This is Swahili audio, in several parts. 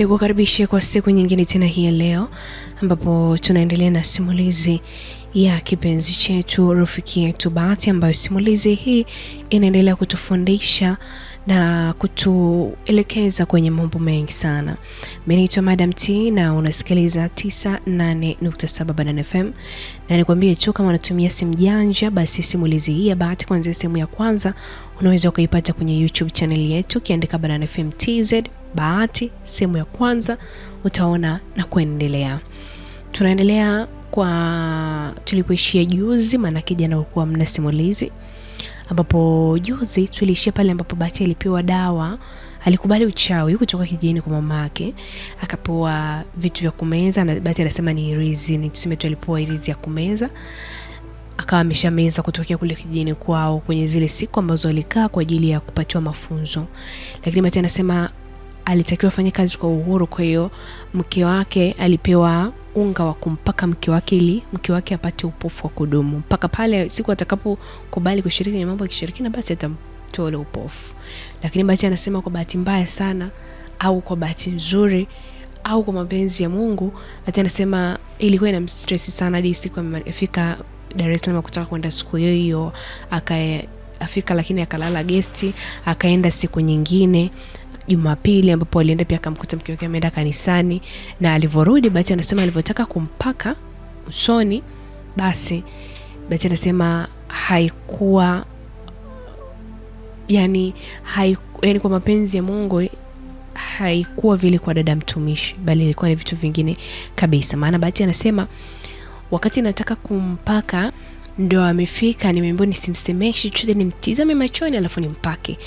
Ni kukaribishe kwa siku nyingine tena hii ya leo, ambapo tunaendelea na simulizi ya kipenzi chetu, rafiki yetu Bahati, ambayo simulizi hii inaendelea kutufundisha na kutuelekeza kwenye mambo mengi sana. Mimi naitwa Madam T na unasikiliza 98.7 Banana FM, na nikwambie tu kama unatumia simu janja, basi simulizi hii ya Bahati kuanzia sehemu ya kwanza unaweza ukaipata kwenye YouTube channel yetu ukiandika Banana FM TZ bahati sehemu ya kwanza utaona na kuendelea. Tunaendelea kwa tulipoishia juzi, maanake jana ulikuwa mna simulizi, ambapo juzi tuliishia pale ambapo bahati alipewa dawa alikubali uchawi kutoka kijijini kwa mama yake, akapewa vitu vya kumeza na Bahati anasema ni irizi, ni tuseme tu alipewa irizi ya kumeza, akawa ameshameza kutokea kule kijini kwao kwenye zile siku ambazo alikaa kwa ajili ya kupatiwa mafunzo. Lakini Bahati anasema alitakiwa afanye kazi kwa uhuru. Kwa hiyo mke wake alipewa unga wa kumpaka mke wake ili mke wake apate upofu wa kudumu mpaka pale siku atakapokubali kushiriki kwenye mambo ya kishirikina, basi atamtoa ule upofu. Lakini basi anasema kwa bahati mbaya sana au kwa bahati nzuri au kwa mapenzi ya Mungu, hata anasema ilikuwa ina mstress sana hadi siku amefika Dar es Salaam kutoka kwenda siku hiyo hiyo, akaafika lakini akalala gesti, akaenda siku nyingine Jumapili ambapo alienda pia akamkuta mke wake ameenda kanisani, na alivyorudi Bahati anasema alivyotaka kumpaka usoni, basi Bahati anasema haikuwa yani, haiku, yani kwa mapenzi ya Mungu haikuwa vile kwa dada mtumishi, bali ilikuwa ni vitu vingine kabisa. Maana Bahati anasema wakati nataka kumpaka ndo amefika, nimeambiwa nisimsemee chochote, nimtizame machoni alafu nimpake.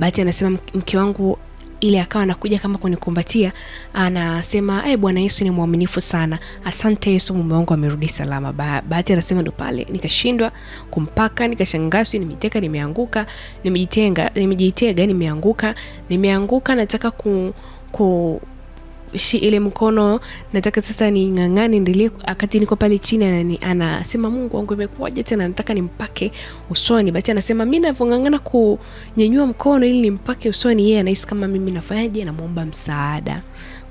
Bahati anasema mke wangu ili akawa anakuja kama kunikumbatia, anasema eh, Bwana Yesu ni mwaminifu sana, asante Yesu, mume wangu amerudi salama. Bahati anasema ndo pale nikashindwa kumpaka, nikashangazwa, nimeteka, nimeanguka, nimejitenga, nimejitega, nimeanguka, nimeanguka, nataka ku, ku shi ile mkono nataka sasa ni ng'ang'ani ndilie, akati niko pale chini anani, anasema Mungu wangu imekuwaje tena, nataka nimpake usoni. Basi anasema mimi ninavyong'ang'ana kunyenyua mkono ili nimpake usoni, yeye anahisi kama mimi nafanyaje, namwomba msaada.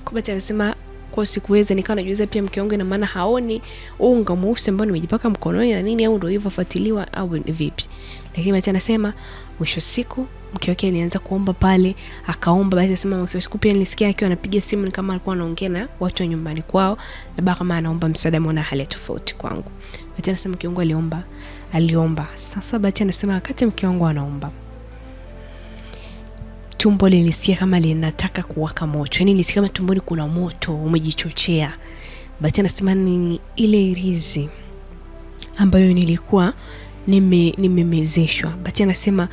Kwa Bati anasema kwa sikuweza, nikawa najiuliza pia mke wangu, ina maana haoni unga mweusi ambao nimejipaka mkononi na nini, au ndio hivyo fuatiliwa au vipi? Lakini Bati anasema Mwisho siku mke wake alianza kuomba pale, akaomba basi. Asema mke siku pia nilisikia akiwa anapiga simu kama alikuwa anaongea na watu wa nyumbani kwao, labda kama anaomba msaada, mbona hali tofauti kwangu. Bahati anasema mke wangu aliomba, aliomba. Sasa Bahati anasema wakati mke wangu anaomba tumbo lilisikia kama linataka kuwaka moto, yani nilisikia kama tumboni kuna moto umejichochea. Bahati anasema ni ile rizi ambayo nilikuwa nimemezeshwa nime bati anasema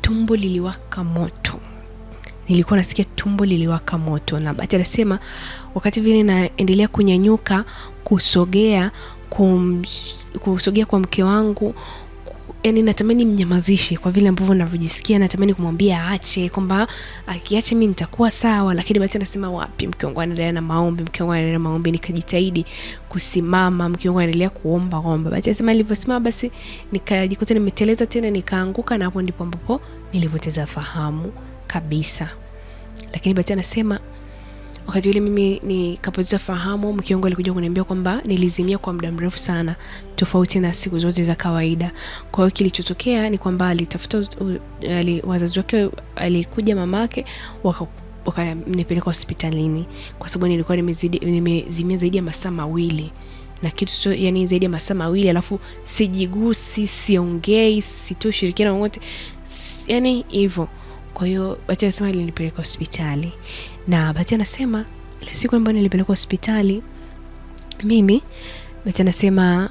tumbo liliwaka moto nilikuwa nasikia tumbo liliwaka moto na bati anasema wakati vile naendelea kunyanyuka kusogea kum, kusogea kwa mke wangu yani natamani mnyamazishe kwa vile ambavyo navyojisikia, natamani kumwambia aache, kwamba akiache mi nitakuwa sawa, lakini bati anasema wapi, mke wangu anaendelea na maombi, mke wangu anaendelea na maombi. Nikajitahidi kusimama, mke wangu anaendelea kuomba omba. Bahati anasema nilivyosimama, basi nikajikuta nimeteleza tena, nikaanguka, na hapo ndipo ambapo nilipoteza fahamu kabisa. Lakini bati anasema Wakati ule mimi nikapoteza fahamu, mke wangu alikuja kuniambia kwamba nilizimia kwa muda mrefu sana, tofauti na siku zote za kawaida. Kwa hiyo kilichotokea ni kwamba alitafuta ali, wazazi wake, alikuja mamake waka wakanipeleka hospitalini kwa sababu nilikuwa nimezidi nimezimia zaidi ya masaa mawili na kitu so, yani, zaidi ya masaa mawili, alafu sijigusi, siongei, sitoshirikiana ushirikiano wowote, yani hivyo. Kwa hiyo bati anasema ilinipeleka hospitali, na bati anasema ile siku ambayo nilipelekwa hospitali mimi, bati anasema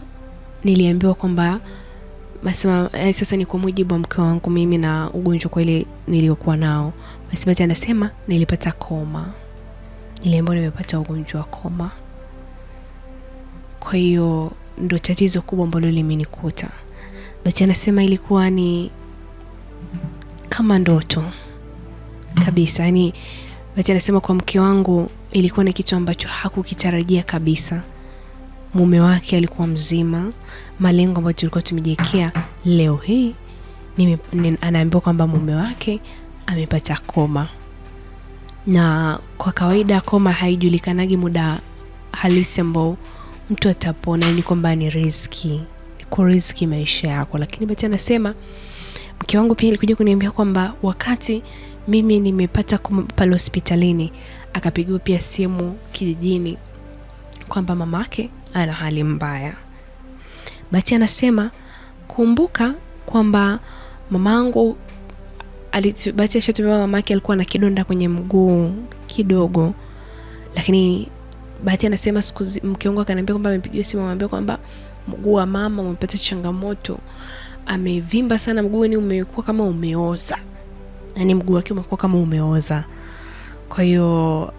niliambiwa kwamba nasema eh, sasa ni kwa mujibu wa mke wangu mimi na ugonjwa kweli niliokuwa nao. Basi bati anasema nilipata koma, niliambiwa nimepata ugonjwa wa koma. Kwa hiyo ndo tatizo kubwa ambalo limenikuta. bati anasema ilikuwa ni kama ndoto kabisa. Yani bati anasema kwa mke wangu ilikuwa ni kitu ambacho hakukitarajia kabisa. Mume wake alikuwa mzima, malengo ambayo tulikuwa tumejiwekea, leo hii anaambiwa kwamba mume wake amepata koma, na kwa kawaida koma haijulikanagi muda halisi ambao mtu atapona, ni kwamba ni riski kuriski maisha yako, lakini bati anasema mke wangu pia alikuja kuniambia kwamba wakati mimi nimepata pale hospitalini akapigiwa pia simu kijijini kwamba mamake ana hali mbaya. bati anasema kumbuka kwamba mamangu Bahati ashatumia mamake alikuwa na kidonda kwenye mguu kidogo, lakini Bahati anasema siku mke wangu akaniambia kwamba amepigiwa simu, amwambia kwamba mguu wa mama umepata changamoto amevimba sana mguu, ni umekuwa kama umeoza, yaani mguu wake umekuwa kama umeoza. Kwa hiyo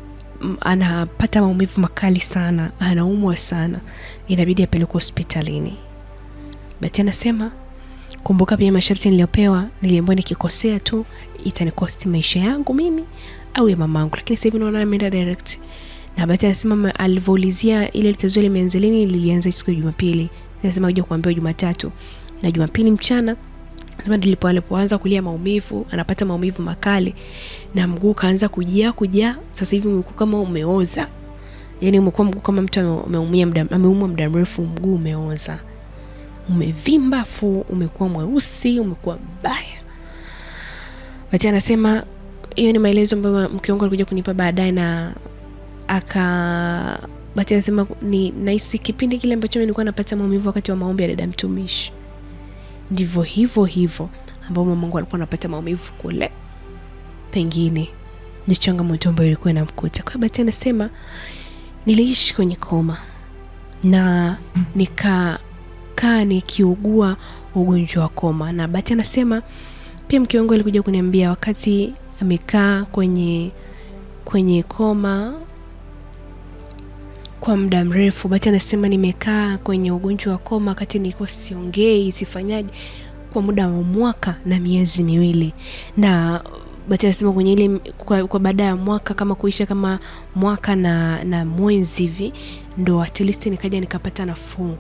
anapata maumivu makali sana, anaumwa sana, inabidi apelekwe hospitalini. Bati anasema kumbuka, pia masharti niliyopewa, niliambiwa nikikosea tu itanikosti maisha yangu mimi au ya mamangu, lakini sasa hivi naona ameenda direct na Bati anasema alivyoulizia ile tatizo limeanza lini, lilianza siku ya Jumapili. Anasema kuja kuambiwa Jumatatu, na Jumapili mchana sema ndipo alipoanza kulia maumivu, anapata maumivu makali na mguu kaanza kujia kujia. Sasa hivi mguu kama umeoza, yani umekuwa mguu kama mtu ameumia muda ameumwa muda mrefu, mguu umeoza, umevimba, fu umekuwa mweusi, umekuwa mbaya. Bati anasema hiyo ni maelezo ambayo mke wangu alikuja kunipa baadaye, na aka Bati anasema ni nahisi kipindi kile ambacho nilikuwa napata maumivu wakati wa maombi ya dada mtumishi ndivyo hivyo hivyo ambapo mamangu alikuwa anapata maumivu kule, pengine ni changamoto ambayo ilikuwa inamkuta. Kwa hiyo Bahati anasema niliishi kwenye koma na nikakaa nikiugua ugonjwa wa koma, na Bahati anasema pia mke wangu alikuja kuniambia wakati amekaa kwenye kwenye koma kwa muda mrefu. bati anasema nimekaa kwenye ugonjwa wa koma wakati nilikuwa siongei sifanyaji kwa muda wa mwaka na miezi miwili, na bati anasema kwenye ile kwa, kwa baada ya mwaka kama kuisha kama mwaka na, na mwezi hivi ndo at least nikaja nikapata nafuu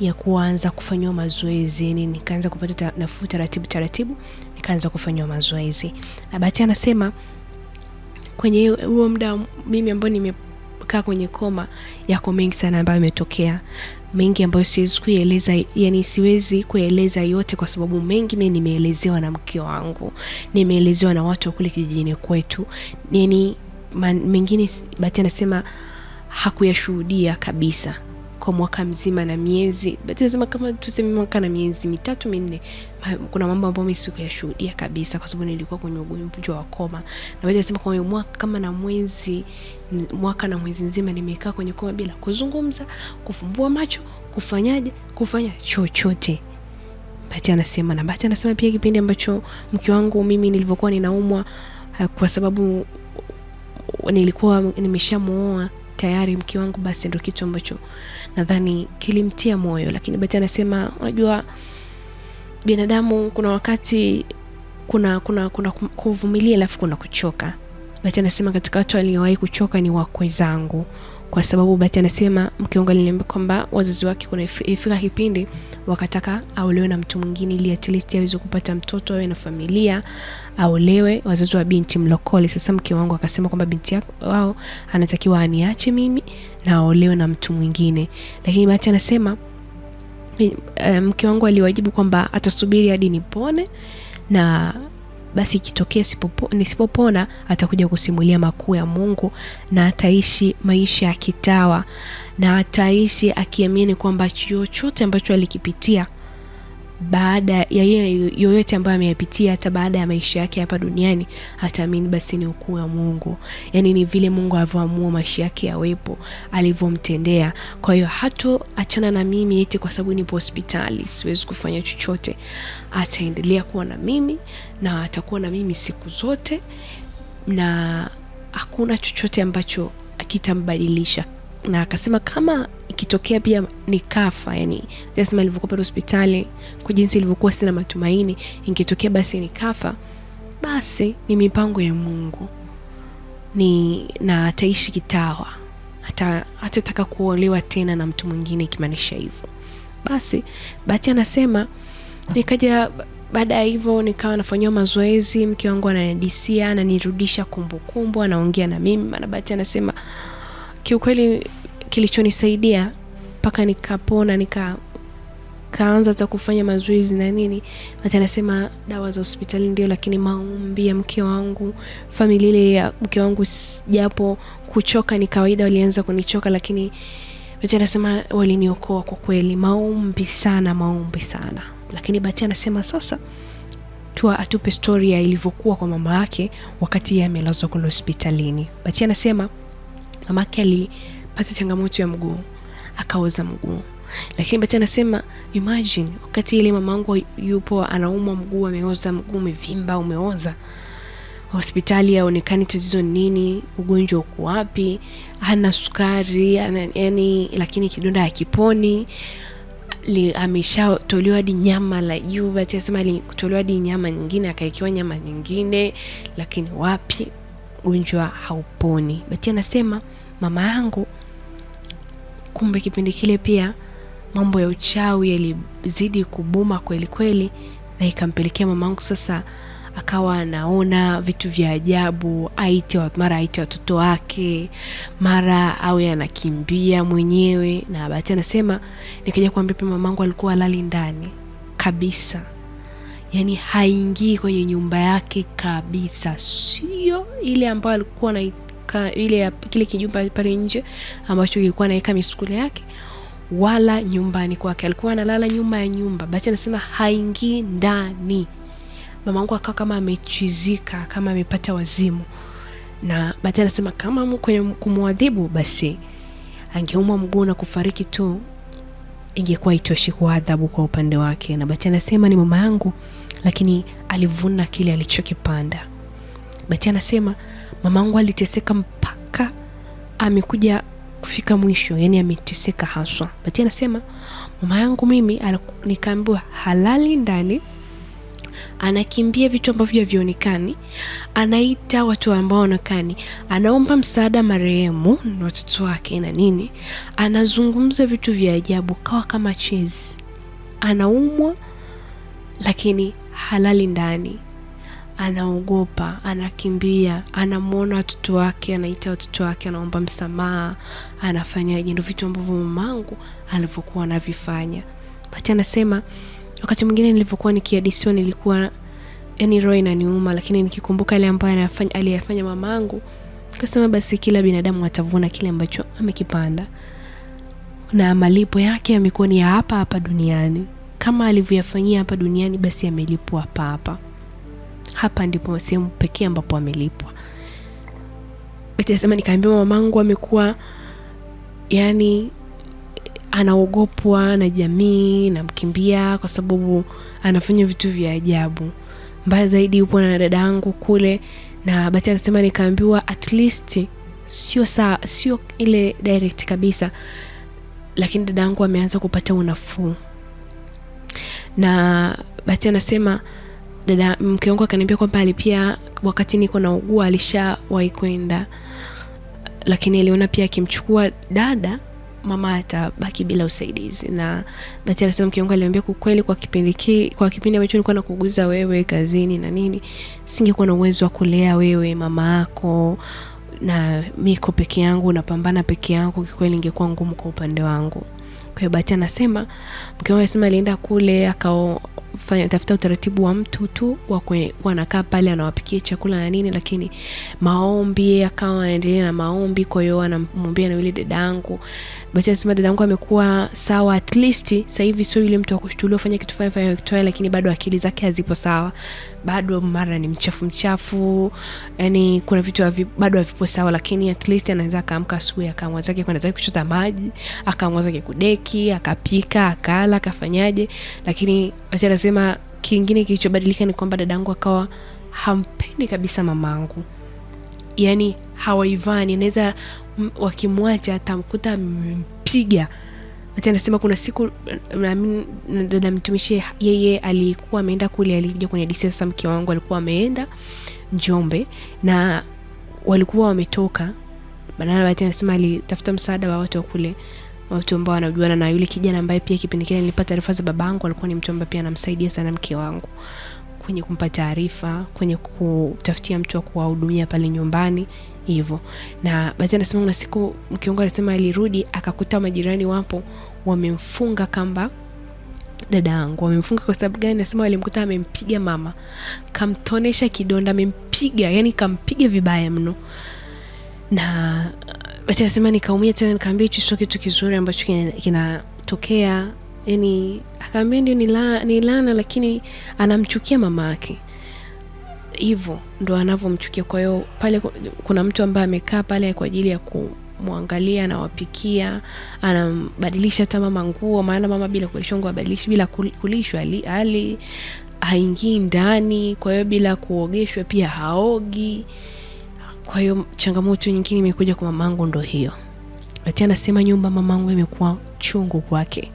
ya kuanza kufanyiwa mazoezi ni nikaanza kupata ta, nafuu taratibu taratibu, nikaanza kufanyiwa mazoezi. Na Bahati anasema kwenye huo muda mimi ambao nime kukaa kwenye koma, yako mengi sana ambayo imetokea mengi ambayo siwezi kueleza, yani siwezi kueleza yote, kwa sababu mengi mimi nimeelezewa na mke wangu, nimeelezewa na watu wa kule kijijini kwetu, yani mengine Bahati anasema hakuyashuhudia kabisa kwa mwaka mzima na miezi lazima, kama tuseme mwaka na miezi mitatu minne, kuna mambo ambayo mimi sikuyashuhudia kabisa, kwa sababu nilikuwa kwenye ugonjwa wa koma, na lazima kwa mwaka kama na mwezi mwaka na mwezi mzima nimekaa kwenye koma bila kuzungumza, kufumbua macho, kufanyaje, kufanya chochote. bati anasema na bati anasema pia kipindi ambacho mke wangu mimi nilivyokuwa ninaumwa, kwa sababu nilikuwa nimeshamuoa tayari mke wangu, basi ndio kitu ambacho nadhani kilimtia moyo. Lakini bati anasema unajua, binadamu kuna wakati kuna kuna kuna kuvumilia alafu kuna kuchoka. bati anasema katika watu waliowahi kuchoka ni wakwe zangu, kwa sababu bati anasema mke wangu aliniambia kwamba wazazi wake kuna ifika kipindi wakataka aolewe na mtu mwingine ili at least aweze kupata mtoto awe na familia aolewe, wazazi wa binti mlokole. Sasa mke wangu akasema kwamba binti wao anatakiwa aniache mimi na aolewe na mtu mwingine, lakini Bahati anasema eh, mke wangu aliwajibu kwamba atasubiri hadi nipone na basi ikitokea nisipopona atakuja kusimulia makuu ya Mungu na ataishi maisha ya kitawa na ataishi akiamini kwamba chochote ambacho alikipitia baada ya yeye yoyote ambayo ameyapitia, hata baada ya maisha yake hapa duniani, ataamini basi ni ukuu wa Mungu. yaani ni vile Mungu alivyoamua maisha yake yawepo, alivyomtendea. Kwa hiyo hato achana na mimi eti kwa sababu nipo hospitali siwezi kufanya chochote. Ataendelea kuwa na mimi na atakuwa na mimi siku zote, na hakuna chochote ambacho kitambadilisha na akasema kama ikitokea pia nikafa, yani asema nilivyokuwa pale hospitali kwa jinsi ilivyokuwa sina matumaini, ingetokea basi nikafa, basi ni mipango ya Mungu ni na ataishi kitawa, hata hatataka kuolewa tena na mtu mwingine, ikimaanisha hivyo. Basi bati anasema nikaja baada ya hivyo nikawa nafanyiwa mazoezi, mke wangu ananidisia, ananirudisha kumbukumbu, anaongea na mimi. Maana bati anasema kiukweli kilichonisaidia mpaka nikapona nika kaanza hata kufanya mazoezi na nini, hata anasema dawa za hospitali ndio, lakini maumbi ya mke wangu, familia ile ya mke wangu, japo kuchoka ni kawaida, walianza kunichoka, lakini Bahati anasema waliniokoa kwa kweli, maumbi sana, maumbi sana. Lakini bati anasema sasa tu atupe stori ya ilivyokuwa kwa mama yake wakati yeye amelazwa kule hospitalini. Bahati anasema mamake alipata changamoto ya mguu akaoza mguu. Lakini Bahati anasema imagine, wakati ile mamangu yupo anaumwa mguu, ameoza mguu, umevimba, umeoza hospitali aonekani tatizo nini, ugonjwa uko wapi, hana sukari yani, lakini kidonda hakiponi, ameshatolewa hadi nyama la juu. Bahati anasema alitolewa hadi nyama nyingine, akaekewa nyama nyingine, lakini wapi, ugonjwa hauponi. Bati anasema mama yangu, kumbe kipindi kile pia mambo ya uchawi yalizidi kubuma kweli kweli, na ikampelekea mama yangu sasa akawa anaona vitu vya ajabu, aite mara aite watoto wake, mara awe anakimbia mwenyewe. Na Bahati anasema nikaja kuambia pia mamaangu alikuwa alali ndani kabisa yani haingii kwenye nyumba yake kabisa, sio ile ambayo alikuwa na ile kile kijumba pale nje ambacho kilikuwa anaweka misukule yake wala nyumbani kwake, alikuwa analala nyuma ya nyumba. Basi anasema haingii ndani. wangu akawa kama amechizika, kama amepata wazimu, na Bahati anasema kama kwenye kumwadhibu, basi angeumwa mguu na kufariki tu, ingekuwa itoshi kwa adhabu kwa upande wake. Na Bahati anasema ni mama yangu lakini alivuna kile alichokipanda. Bati anasema mamangu aliteseka mpaka amekuja kufika mwisho, yani ameteseka haswa. Bati anasema mama yangu mimi nikaambiwa halali ndani, anakimbia vitu ambavyo havionekani, anaita watu ambao waonekani, anaomba msaada marehemu na watoto wake na nini, anazungumza vitu vya ajabu, kawa kama chezi, anaumwa lakini halali ndani, anaogopa, anakimbia, anamwona watoto wake, anaita watoto wake, anaomba msamaha, anafanyaje? ndo vitu ambavyo mamangu alivyokuwa anavifanya. Bati anasema wakati mwingine nilivyokuwa nikiadisiwa, nilikuwa yani roho inaniuma, lakini nikikumbuka yale ambayo aliyafanya mamangu, kasema basi kila binadamu atavuna kile ambacho amekipanda, na malipo yake yamekuwa ni ya hapa hapa duniani kama alivyoyafanyia hapa duniani, basi amelipwa hapa hapa. Hapa ndipo sehemu pekee ambapo amelipwa. Beti anasema nikaambia mamangu amekuwa yani anaogopwa na jamii, namkimbia kwa sababu anafanya vitu vya ajabu. Mbaya zaidi yupo na dada yangu kule, na bati anasema nikaambiwa at least sio saa, sio ile direct kabisa, lakini dada yangu ameanza kupata unafuu na Bahati anasema dada mke wangu akaniambia kwamba alipia wakati niko naugua alishawahi kwenda, lakini aliona pia akimchukua dada mama atabaki bila usaidizi. Na bati anasema mke wangu aliniambia kukweli, kwa kipindi ki, kwa kipindi ambacho nilikuwa nakuuguza wewe kazini na nini, singekuwa na uwezo wa kulea wewe mama yako, na miko peke yangu napambana peke yangu, kikweli ingekuwa ngumu kwa upande wangu. Kwa hiyo Bahati anasema mke wangu anasema alienda kule akaofanya tafuta utaratibu wa mtu tu wa anakaa pale anawapikia chakula na nini, lakini maombi akawa anaendelea na maombi. Kwa hiyo anamwombea na yule dadangu Bahati anasema amekuwa sawa, at least sasa hivi sio yule mtu wa kushtuliwa fanya kitu fanya fanya Victoria, lakini bado akili zake hazipo sawa, bado mara ni mchafu mchafu, yani kuna vitu havi, bado havipo sawa, lakini at least anaweza akaamka asubuhi akaamua zake kwenda zake kuchota maji, akaamua zake kudeki, akapika, akala, akafanyaje, lakini Bahati anasema kingine kilichobadilika ni kwamba dadangu akawa hampendi kabisa mamangu, yani hawaivani, anaweza wakimwacha atamkuta amempiga. Hata anasema kuna siku dada mtumishi yeye alikuwa ameenda kule, alikuja kwenye sasa, mke wangu alikuwa ameenda Njombe na walikuwa wametoka Bahati anasema alitafuta msaada wa watu wakule watu ambao wanajuana na yule kijana ambaye pia kipindi kile nilipata taarifa za baba babangu, alikuwa ni mtu ambaye pia anamsaidia sana mke wangu kwenye kumpa taarifa, kwenye kutafutia mtu wa kuwahudumia pale nyumbani hivyo. Na basi anasema kuna siku mkiungo anasema alirudi akakuta majirani wapo wamemfunga kamba dada yangu wamemfunga. Kwa sababu gani? Nasema walimkuta amempiga mama, kamtonesha kidonda, amempiga yani kampiga vibaya mno. Na basi anasema nikaumia tena, nikaambia hicho sio kitu kizuri ambacho kinatokea kina, yani akaambia ndio ni lana lakini anamchukia mama yake hivyo ndo anavyomchukia. Kwa hiyo pale kuna mtu ambaye amekaa pale kwa ajili ya kumwangalia, anawapikia, anambadilisha hata mama nguo, maana mama bila kulishwa nguo abadilishi, bila kulishwa ali haingii ndani, kwa hiyo bila kuogeshwa pia haogi. Kwa hiyo changamoto nyingine imekuja kwa mamangu ndo hiyo. Ati anasema nyumba mamangu imekuwa chungu kwake,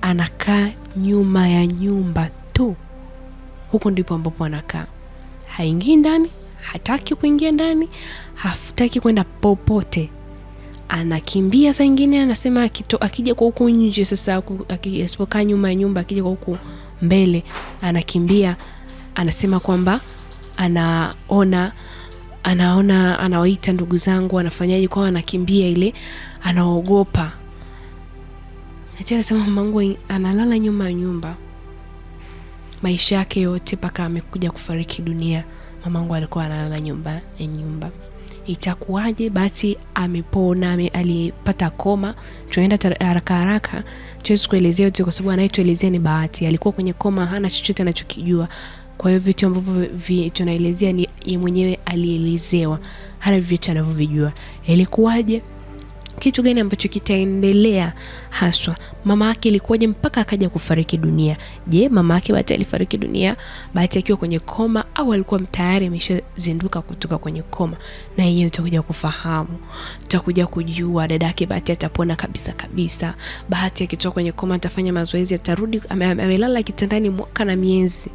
anakaa nyuma ya nyumba tu, huko ndipo ambapo anakaa haingii ndani, hataki kuingia ndani, hataki kwenda popote, anakimbia. Saa ingine anasema akito, akija kwa huku nje sasa, asipokaa nyuma ya nyumba, akija kwa huku mbele anakimbia. Anasema kwamba anaona anaona anawaita ndugu zangu, anafanyaje kwao, anakimbia ile, anaogopa. nati anasema mamangu analala nyuma ya nyumba maisha yake yote mpaka amekuja kufariki dunia, mamangu alikuwa analala nyumba ya eh, nyumba. Itakuwaje basi amepona, ame, alipata koma? Tunaenda haraka haraka, tuwezi kuelezea yote kwa sababu anayetuelezea ni Bahati. Alikuwa kwenye koma, hana chochote anachokijua kwa hiyo vitu ambavyo tunaelezea ni mwenyewe alielezewa, hana vitu anavyovijua. Ilikuwaje? kitu gani ambacho kitaendelea haswa, mama yake ilikuwaje mpaka akaja kufariki dunia. Je, mama yake Bahati alifariki dunia Bahati akiwa kwenye koma au alikuwa tayari ameshazinduka kutoka kwenye koma? Na yeye tutakuja kufahamu, tutakuja kujua dada yake Bahati atapona kabisa kabisa. Bahati akitoka kwenye koma atafanya mazoezi, atarudi amelala ame kitandani mwaka na miezi,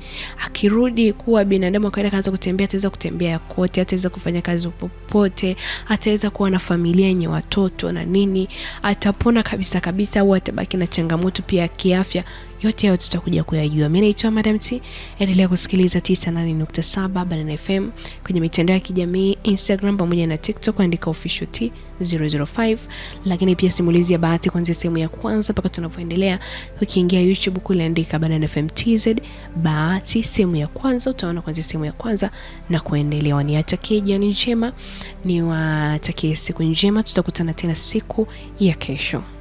akirudi kuwa binadamu akaenda kaanza kutembea, ataweza kutembea kote, ataweza kufanya kazi popote, ataweza kuwa na familia yenye watoto na nini, atapona kabisa kabisa au atabaki na changamoto pia ya kiafya yote hayo tutakuja kuyajua. Mimi naitwa Madam T. Endelea kusikiliza 98.7 Banana FM kwenye mitandao ya kijamii Instagram pamoja na TikTok, andika official T 005, lakini pia simulizi ya bahati kuanzia sehemu ya kwanza mpaka tunapoendelea. Ukiingia YouTube kule andika Banana FM TZ bahati sehemu ya kwanza, utaona kuanzia sehemu ya kwanza na kuendelea. Niwatakie jioni njema, ni watakie siku njema, tutakutana tena siku ya kesho.